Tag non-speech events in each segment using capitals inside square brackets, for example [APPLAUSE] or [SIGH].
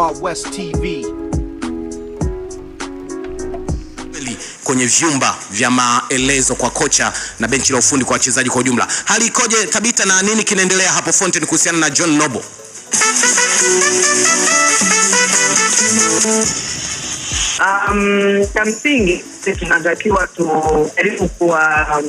Wild West TV. Kwenye vyumba vya maelezo kwa kocha na benchi la ufundi kwa wachezaji kwa ujumla, hali ikoje Tabita, na nini kinaendelea hapo Fontaine kuhusiana na John Noble? Um, ah, mm, kamsingi tunatakiwa tujaribu um,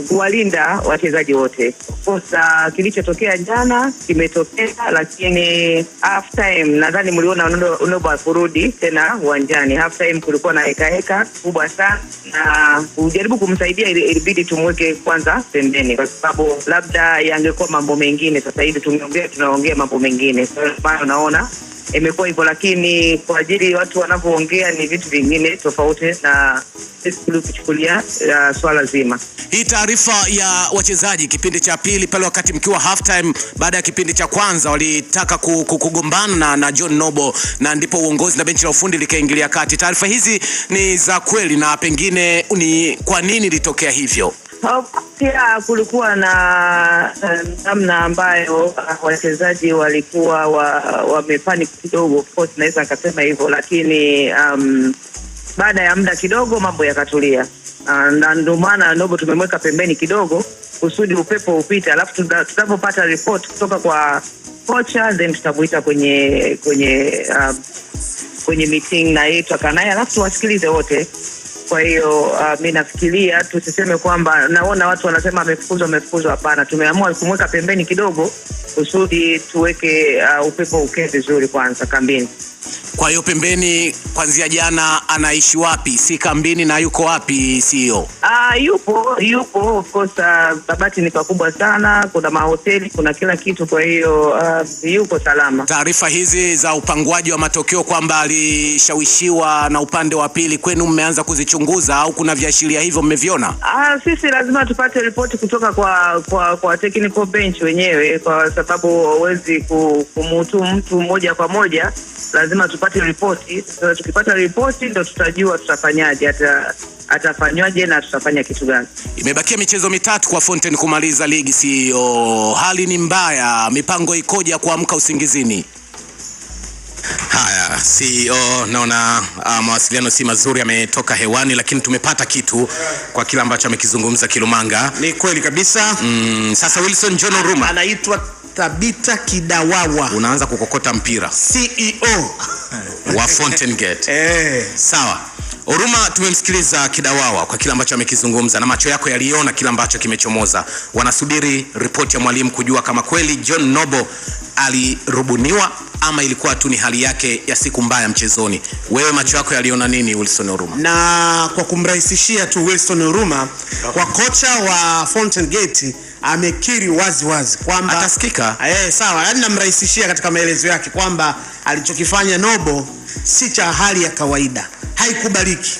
kuwalinda wachezaji wote. Kosa uh, kilichotokea jana kimetokea, lakini half time nadhani mliona Unoba kurudi tena uwanjani. Half time kulikuwa na hekaheka kubwa sana, na kujaribu kumsaidia ilibidi tumweke kwanza pembeni, kwa sababu labda yangekuwa mambo mengine. Sasa hivi tumeongea, tunaongea mambo mengine, kwa maana unaona imekuwa hivyo, lakini kwa ajili watu wanavyoongea ni vitu vingine tofauti na sisi tulikuchukulia ya swala zima. Hii taarifa ya wachezaji kipindi cha pili pale, wakati mkiwa half time, baada ya kipindi cha kwanza walitaka kugombana na, na John Noble, na ndipo uongozi na benchi la ufundi likaingilia kati. Taarifa hizi ni za kweli na pengine ni kwa nini ilitokea hivyo? Pia kulikuwa na eh, namna um, ambayo uh, wachezaji walikuwa wamepanic wa kidogo, of course naweza nikasema hivyo, lakini um, baada ya muda kidogo mambo yakatulia, ah, na ndio maana Nobo tumemweka pembeni kidogo kusudi upepo upite, alafu tunapopata report kutoka kwa kocha then tutamuita kwenye kwenye um, kwenye meeting na yeye tutakaa naye alafu tuwasikilize wote kwa hiyo uh, mi nafikiria tusiseme kwamba naona watu wanasema amefukuzwa, amefukuzwa. Hapana, tumeamua kumweka pembeni kidogo kusudi tuweke uh, upepo ukee vizuri kwanza kambini. Kwa hiyo pembeni, kwanzia jana anaishi wapi? Si kambini na yuko wapi? CEO ah, yupo yupo, of course. Uh, ah, Babati ni pakubwa sana, kuna mahoteli, kuna kila kitu, kwa hiyo uh, yuko salama. Taarifa hizi za upanguaji wa matokeo kwamba alishawishiwa na upande wa pili, kwenu mmeanza kuzichunguza au kuna viashiria hivyo mmeviona? Ah, sisi lazima tupate ripoti kutoka kwa kwa kwa technical bench wenyewe, kwa sababu huwezi kumhutumu mtu moja kwa moja lazima tupate ripoti. Sasa tukipata ripoti ndo tutajua tutafanyaje, hata atafanywaje na tutafanya kitu gani. Imebakia michezo mitatu kwa Fountain kumaliza ligi, sio Hali ni mbaya, mipango ikoje kuamka usingizini? Haya, CEO naona uh, mawasiliano si mazuri ametoka hewani, lakini tumepata kitu kwa kile ambacho amekizungumza Kilumanga. Ni kweli kabisa. Mm, sasa Wilson John Ruma anaitwa Tabita Kidawawa, unaanza kukokota mpira CEO wa Fountain Gate. [LAUGHS] Eh, sawa. Oruma, tumemsikiliza Kidawawa kwa kile ambacho amekizungumza, na macho yako yaliona kile ambacho kimechomoza. Wanasubiri ripoti ya mwalimu kujua kama kweli John Nobo alirubuniwa ama ilikuwa tu ni hali yake ya siku mbaya mchezoni. Wewe macho yako yaliona nini, Wilson Oruma? Na kwa kumrahisishia tu Wilson Oruma, kwa kocha wa Fountain Gate amekiri wazi wazi kwamba atasikika. Eh, sawa, yani namrahisishia katika maelezo yake kwamba alichokifanya Nobo si cha hali ya kawaida, haikubaliki.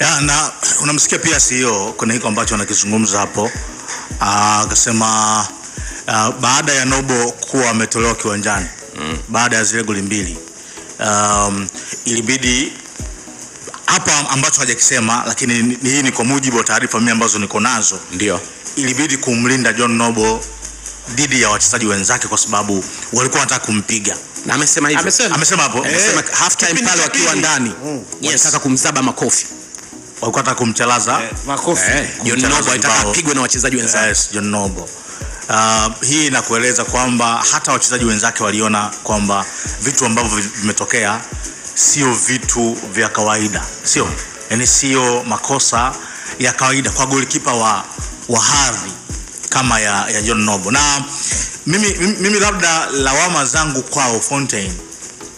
Ya, na unamsikia pia CEO kuna hiko ambacho anakizungumza hapo, ah, akasema ah, baada ya Nobo kuwa ametolewa kiwanjani mm, baada ya zile goli mbili um, ilibidi hapa ambacho hajakisema, lakini hii ni kwa mujibu wa taarifa mimi ambazo niko nazo ndio ilibidi kumlinda John Noble dhidi ya wachezaji wenzake kwa sababu walikuwa wanataka kumpiga na amesema hivyo, amesema amesema hapo, amesema eh. half time pale wakiwa ndani mm. Yes. walitaka kumzaba makofi, walikuwa wanataka kumchalaza eh, makofi. eh, John Noble alitaka apigwe na wachezaji wenzake. Yes, John Noble. Uh, hii inakueleza kwamba hata wachezaji wenzake waliona kwamba vitu ambavyo vimetokea sio vitu vya kawaida, sio yani, sio makosa ya kawaida kwa golikipa wa wa hadhi kama ya, ya John Nobo. na mimi, mimi labda lawama zangu kwao Fontaine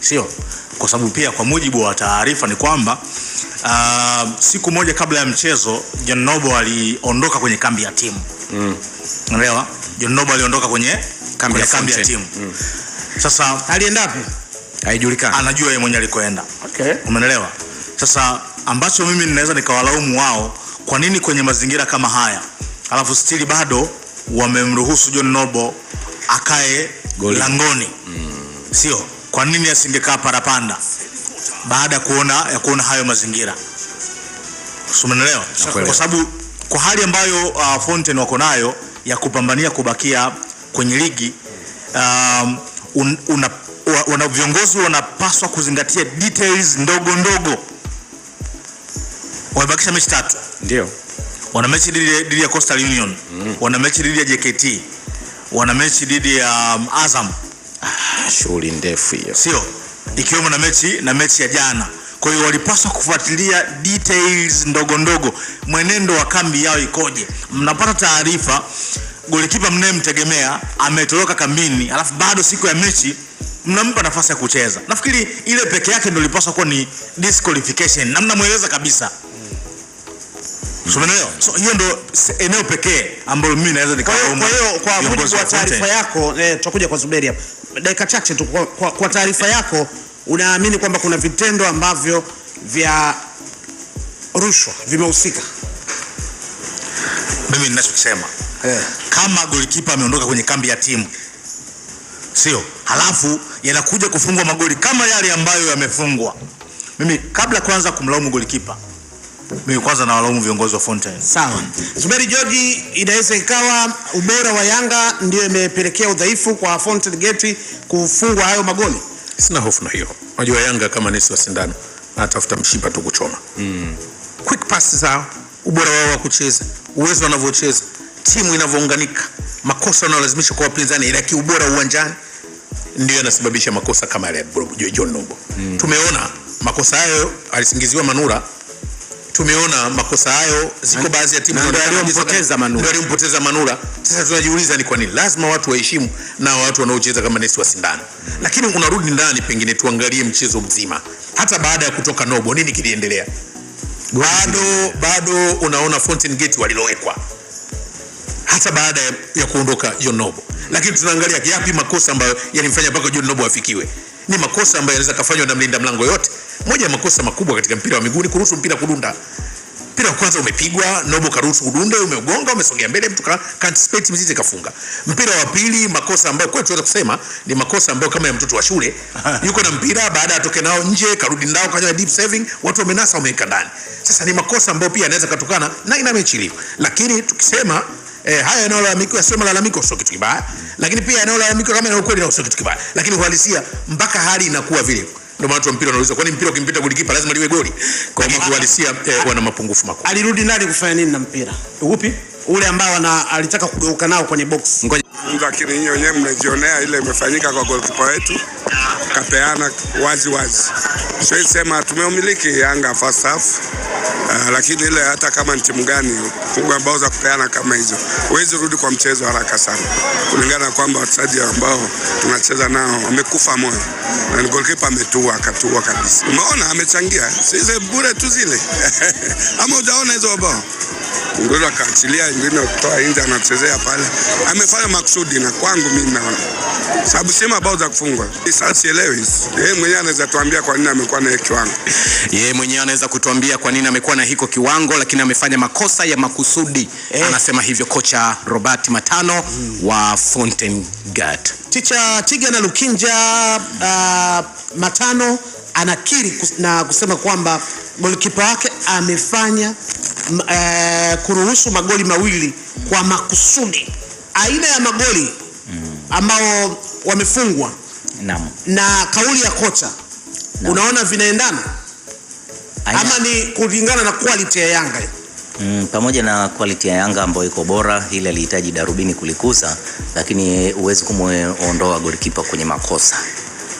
sio kwa sababu pia kwa mujibu wa taarifa ni kwamba uh, siku moja kabla ya mchezo John Nobo aliondoka kwenye kambi ya timu mm. Unaelewa? John Nobo aliondoka kwenye kambi ya, kambi ya timu mm. Sasa alienda wapi? Haijulikani. Anajua yeye mwenyewe alikoenda. Okay. Umeelewa? Sasa ambacho mimi ninaweza nikawalaumu wao, kwa nini kwenye mazingira kama haya alafu stili bado wamemruhusu John Nobo akae Goli. langoni mm. Sio kwa nini asingekaa parapanda baada kuona, ya kuona hayo mazingira umeelewa? Kwa sababu kwa hali ambayo uh, Fonten wako nayo ya kupambania kubakia kwenye ligi um, un, una, wana viongozi wanapaswa kuzingatia details ndogo ndogo. Wamebakisha mechi tatu, ndio wana mechi dhidi ya Coastal Union mm. wana mechi dhidi ya JKT wana mechi dhidi ya um, Azam. Ah, shughuli ndefu hiyo, sio ikiwemo na mechi na mechi ya jana. Kwa hiyo walipaswa kufuatilia details ndogo ndogo, mwenendo wa kambi yao ikoje. Mnapata taarifa golikipa mnayemtegemea ametoroka kambini, alafu bado siku ya mechi mnampa nafasi ya kucheza. Nafikiri ile peke yake ndio ilipaswa kuwa ni disqualification, na mnamweleza kabisa Umeelewa? So hiyo ndo eneo pekee ambalo mimi naweza nikaomba. Kwa hiyo kwa mujibu wa taarifa yako eh, tutakuja kwa Zuberi hapa. Dakika chache tu kwa, kwa, taarifa yako unaamini kwamba kuna vitendo ambavyo vya rushwa vimehusika? Mimi ninachosema eh. Kama golikipa ameondoka kwenye kambi ya timu sio, halafu yanakuja kufungwa magoli kama yale ambayo yamefungwa, mimi kabla kwanza kumlaumu golikipa mimi kwanza nawalaumu viongozi wa Fountain. Sawa. Zuberi George, inaweza ikawa ubora wa Yanga ndio imepelekea udhaifu kwa Fountain Gate kufungwa hayo magoli. Sina hofu na hiyo. Unajua Yanga kama nesi wa sindano, anatafuta mshipa tu kuchoma. Mm. Quick pass zao, ubora wao wa kucheza, uwezo wanavyocheza, timu inavyounganika, makosa wanayolazimisha kwa wapinzani, ila kiubora uwanjani ndio yanasababisha makosa kama yale ya John Nobo. Mm. Tumeona makosa hayo alisingiziwa Manura tumeona makosa hayo, ziko baadhi ya timu waliompoteza Manula, waliompoteza Manula. Sasa tunajiuliza ni kwa nini lazima watu waheshimu na watu wanaocheza kama nesi wa sindano, lakini unarudi ndani, pengine tuangalie mchezo mzima, hata baada ya kutoka Nobo, nini kiliendelea? Bado bado unaona Fountain Gate walilowekwa hata baada ya kuondoka John Nobo, lakini tunaangalia yapi makosa ambayo yalimfanya mpaka John Nobo afikiwe. Ni makosa ambayo yanaweza kafanywa na mlinda mlango yote moja ya makosa makubwa katika mpira wa miguu ni kuruhusu mpira kudunda. Mpira wa kwanza umepigwa, Nobo karuhusu kudunda, umeugonga, umesogea mbele, mtu ka anticipate mzizi kafunga. Mpira wa pili, makosa ambayo kwa tunaweza kusema ni makosa ambayo kama ya mtoto wa shule, [LAUGHS] yuko na mpira, baada atoke nao nje, karudi ndao, kanya deep saving, watu wamenasa, wameweka ndani. Sasa ni makosa ambayo pia yanaweza kutokana na ina mechi hiyo. Lakini tukisema eh, haya yanayolalamika sio malalamiko, sio kitu kibaya, lakini pia yanayolalamika kama ni ukweli na sio kitu kibaya, lakini uhalisia mpaka hali inakuwa vile ndio maana watu wa mpira wanauliza, kwani mpira ukimpita golikipa lazima liwe goli? Kwa hiyo kiuhalisia eh, ah, wana mapungufu makubwa. Alirudi nani kufanya nini na mpira? Upi? Ule ambao alitaka kugeuka nao kwenye box. Lakini hiyo yenyewe mmejionea ile imefanyika kwa golkipa wetu, kapeana wazi wazi. Siwezi sema tumeumiliki Yanga first half. Uh, lakini ile hata kama ni timu gani fungu ambao za kupeana kama hizo huwezi rudi kwa mchezo haraka sana, kulingana na kwamba wachezaji ambao tunacheza nao wamekufa moyo na goalkeeper ametua akatua kabisa. Umeona amechangia sisi bure tu zile [LAUGHS] ama ujaona hizo bao, ingine akaachilia, ingine kutoa nje, anachezea pale, amefanya makusudi na kwangu mimi naona sababu sema bao za kufungwa. Sasa sielewi. Yeye mwenyewe anaweza tuambia kwa nini amekuwa na hicho kiwango. Yeye mwenyewe anaweza kutuambia kwa nini amekuwa na hiko kiwango, lakini amefanya makosa ya makusudi eh. Anasema hivyo kocha Robert Matano hmm. wa Fountain Gate. Ticha Tiga na Lukinja uh, Matano anakiri kus na kusema kwamba golikipa wake amefanya uh, kuruhusu magoli mawili kwa makusudi aina ya magoli ambao wamefungwa na, na kauli ya kocha na, unaona vinaendana aina, ama ni kulingana na quality ya Yanga Mm, pamoja na quality ya Yanga ambayo iko bora, ile alihitaji darubini kulikuza, lakini huwezi kumwondoa golikipa kwenye makosa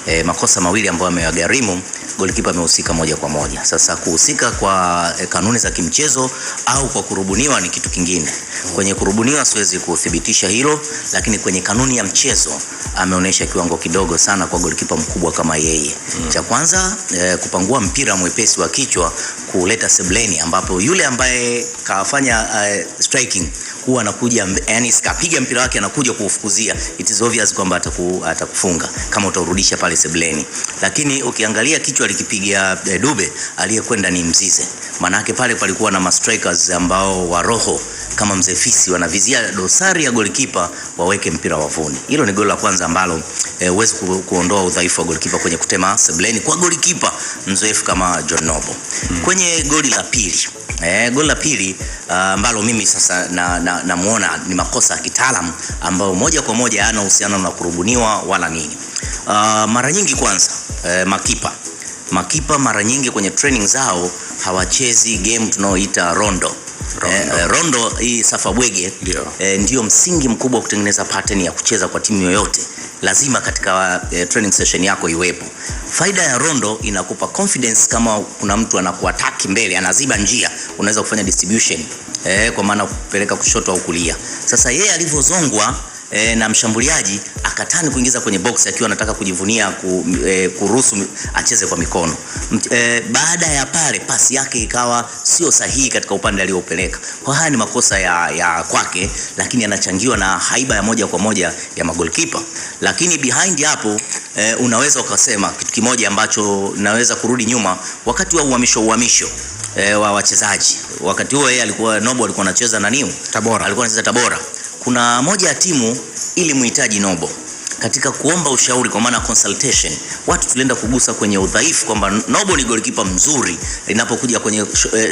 e, makosa mawili ambayo amewagarimu golikipa amehusika moja kwa moja. Sasa kuhusika kwa e, kanuni za kimchezo au kwa kurubuniwa ni kitu kingine. Kwenye kurubuniwa siwezi kuthibitisha hilo, lakini kwenye kanuni ya mchezo ameonyesha kiwango kidogo sana kwa golikipa mkubwa kama yeye. Mm. Cha kwanza e, kupangua mpira mwepesi wa kichwa kuleta sebleni ambapo yule ambaye kafanya uh, striking huwa anakuja yani, sikapiga mpira wake anakuja kuufukuzia, it is obvious kwamba ataku, atakufunga kama utaurudisha pale sebleni. Lakini ukiangalia kichwa alikipiga eh, Dube, aliyekwenda ni Mzize, maanake pale palikuwa na ma strikers ambao wa roho kama mzee Fisi wanavizia dosari ya golikipa waweke mpira wavuni. Hilo ni goli la kwanza ambalo eh, huwezi e, kuondoa udhaifu wa golikipa kwenye kutema sebleni kwa golikipa mzoefu kama John Nobo. Hmm. Kwenye goli la pili E, goli la pili ah, ambalo uh, mimi sasa namuona na, na ni makosa ya kitaalamu ambayo moja kwa moja hayana uhusiano na kurubuniwa wala nini. Uh, mara nyingi kwanza e, makipa makipa mara nyingi kwenye training zao hawachezi game tunaoita rondo Eh, rondo, eh, rondo hii safa bwege eh, ndio msingi mkubwa wa kutengeneza pattern ya kucheza kwa timu yoyote. Lazima katika eh, training session yako iwepo. Faida ya rondo inakupa confidence, kama kuna mtu anakuataki mbele, anaziba njia, unaweza kufanya distribution eh, kwa maana kupeleka kushoto au kulia. Sasa yeye alivyozongwa eh, na mshambuliaji akatani kuingiza kwenye box akiwa anataka kujivunia ku, e, kuruhusu acheze kwa mikono e, baada ya pale pasi yake ikawa sio sahihi katika upande aliopeleka. Kwa haya ni makosa ya, ya kwake, lakini yanachangiwa na haiba ya moja kwa moja ya magolikipa. Lakini behind hapo e, unaweza ukasema kitu kimoja ambacho naweza kurudi nyuma wakati wa uhamisho uhamisho e, wa wachezaji wakati huo yeye alikuwa Nobo alikuwa anacheza na Niu Tabora, alikuwa anacheza Tabora. Kuna moja ya timu ili muhitaji Nobo katika kuomba ushauri, kwa maana consultation, watu tulienda kugusa kwenye udhaifu kwamba Nobo ni golikipa mzuri linapokuja kwenye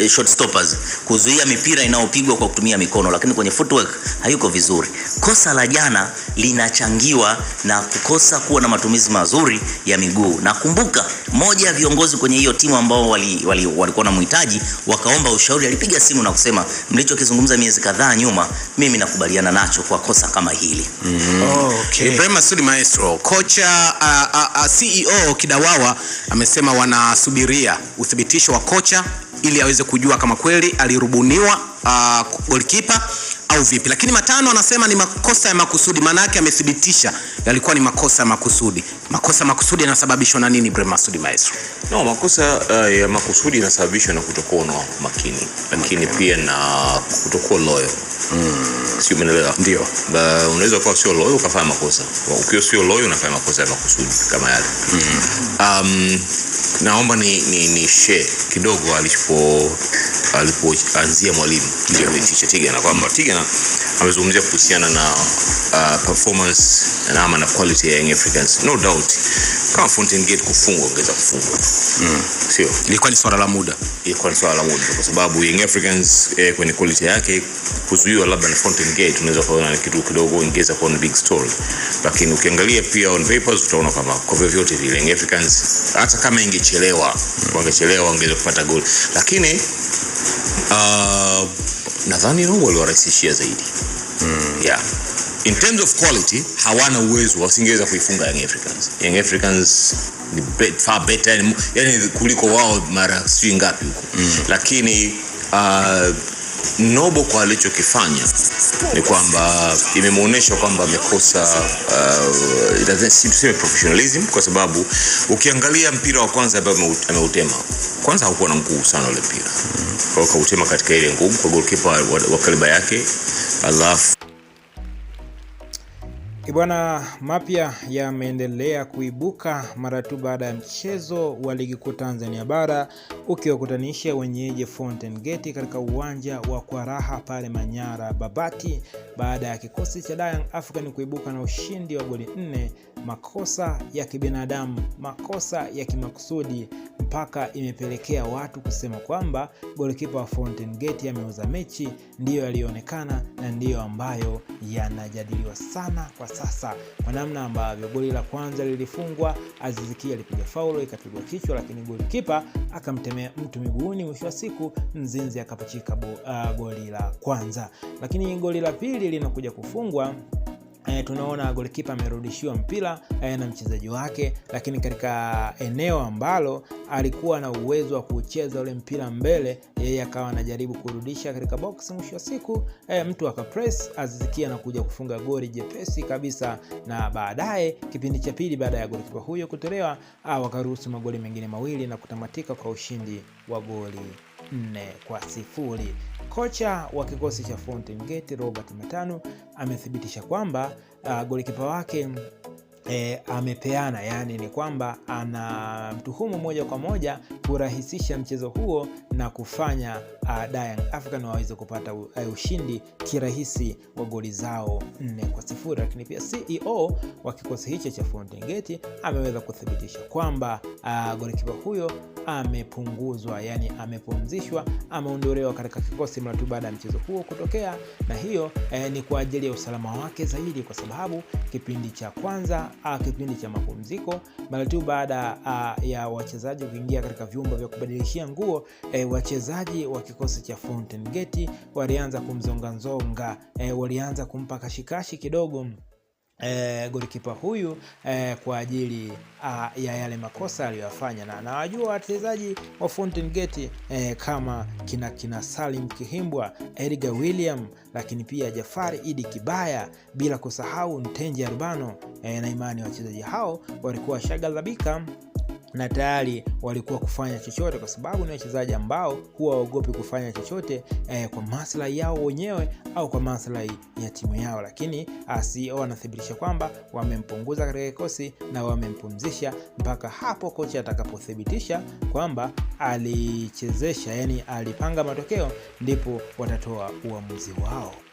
short eh, stoppers, kuzuia mipira inayopigwa kwa kutumia mikono, lakini kwenye footwork hayuko vizuri. Kosa la jana linachangiwa na kukosa kuwa na matumizi mazuri ya miguu. Na kumbuka, moja ya viongozi kwenye hiyo timu ambao walikuwa wali, wali na mhitaji wakaomba ushauri, alipiga simu na kusema mlichokizungumza miezi kadhaa nyuma, mimi nakubaliana nacho kwa kosa kama hili. mm -hmm. oh, okay. Maestro. Kocha a, a CEO Kidawawa amesema wanasubiria uthibitisho wa kocha ili aweze kujua kama kweli alirubuniwa uh, ah, golikipa au vipi. Lakini matano anasema ni makosa ya makusudi, maana yake amethibitisha yalikuwa ni makosa ya makusudi. Makosa ya makusudi yanasababishwa na nini, Ibrahim Masudi Maestro? No, makosa uh, ya makusudi yanasababishwa na kutokuwa na makini, lakini okay, pia na kutokuwa loyal mm. Sio, umeelewa? Ndio, unaweza kuwa sio loyal ukafanya makosa. Ukiwa sio loyal unafanya makosa ya makusudi kama yale mm. hmm um, naomba ni, ni, ni share kidogo alipo alipoanzia mwalimu kumfundisha Tigana kwamba Tigana amezungumzia kuhusiana na uh, performance na ama na quality ya Young Africans. No doubt kama Fountain Gate kufungwa ungeweza kufungwa mm. Sio, ilikuwa ni swala la muda, ilikuwa ni swala la muda kwa sababu Young Africans eh, kwenye quality yake kuzuiwa labda na Fountain Gate unaweza kuona ni kitu kidogo, ingeweza kwa big story, lakini ukiangalia pia on papers utaona kama kwa vyovyote vile Young Africans hata kama ingecheza wangechelewa wangechelewa wangeweza kupata goal lakini uh, nadhani wao waliwarahisishia zaidi mm. yeah in terms of quality hawana uwezo wasingeweza kuifunga young africans young africans ni bet, far better yani, yani kuliko wao mara sijui ngapi huko mm. lakini uh, Nobo kwa alichokifanya ni kwamba imemwonyesha kwamba amekosa uh, professionalism, kwa sababu ukiangalia mpira wa kwanza ambao ameutema, kwanza hakuwa na mguu sana ule mpira, kwa kautema katika ile ngumu kwa goalkeeper wa, wa kaliba yake alafu Bwana, mapya yameendelea kuibuka mara tu baada ya mchezo wa ligi kuu Tanzania bara ukiwakutanisha wenyeji Fountain Gate katika uwanja wa Kwaraha pale Manyara Babati, baada ya kikosi cha Young African kuibuka na ushindi wa goli nne. Makosa ya kibinadamu, makosa ya kimakusudi, mpaka imepelekea watu kusema kwamba golikipa wa Fountain Gate ameuza mechi. Ndiyo yaliyoonekana na ndiyo ambayo yanajadiliwa sana kwa sana sasa, kwa namna ambavyo goli la kwanza lilifungwa, Aziziki alipiga faulo ikapigwa kichwa, lakini goli kipa akamtemea mtu miguuni. Mwisho wa siku Mzinzi akapachika uh, goli la kwanza, lakini goli la pili linakuja kufungwa E, tunaona golikipa amerudishiwa mpira e, na mchezaji wake, lakini katika eneo ambalo alikuwa na uwezo wa kucheza ule mpira mbele, yeye akawa anajaribu kurudisha katika box. Mwisho wa siku e, mtu akapress azizikia na kuja kufunga goli jepesi kabisa, na baadaye kipindi cha pili, baada ya golikipa huyo kutolewa, ah, wakaruhusu magoli mengine mawili na kutamatika kwa ushindi wa goli nne kwa sifuri. Kocha wa kikosi cha Fountain Gate Robert Matano amethibitisha kwamba uh, golikipa wake E, amepeana yani ni kwamba ana mtuhumu moja kwa moja kurahisisha mchezo huo na kufanya uh, ah, Young African waweze kupata uh, ushindi kirahisi wa goli zao nne kwa sifuri. Lakini pia CEO wa kikosi hicho cha Fountain Gate ameweza kuthibitisha kwamba uh, golikipa huyo amepunguzwa, yani amepumzishwa, ameondolewa katika kikosi mara tu baada ya mchezo huo kutokea, na hiyo eh, ni kwa ajili ya usalama wake zaidi, kwa sababu kipindi cha kwanza a, ah, kipindi cha mapumziko mara tu baada ah, ya wachezaji kuingia katika vyumba vya kubadilishia nguo eh, wachezaji wa kikosi cha Fountain Gate walianza kumzongazonga eh, walianza kumpa kashikashi kidogo E, golikipa huyu e, kwa ajili a, ah, ya yale makosa aliyoyafanya, na nawajua wachezaji wa Fountain Gate e, kama kina, kina Salim Kihimbwa, Edgar William, lakini pia Jafari Idi Kibaya, bila kusahau Mtenji Arubano e, na imani wachezaji hao walikuwa shagadhabika na tayari walikuwa kufanya chochote, kwa sababu ni wachezaji ambao huwa waogopi kufanya chochote eh, kwa maslahi yao wenyewe au kwa maslahi ya timu yao. Lakini ah, CEO anathibitisha kwamba wamempunguza katika kikosi na wamempumzisha mpaka hapo kocha atakapothibitisha kwamba alichezesha, yani alipanga matokeo, ndipo watatoa uamuzi wao.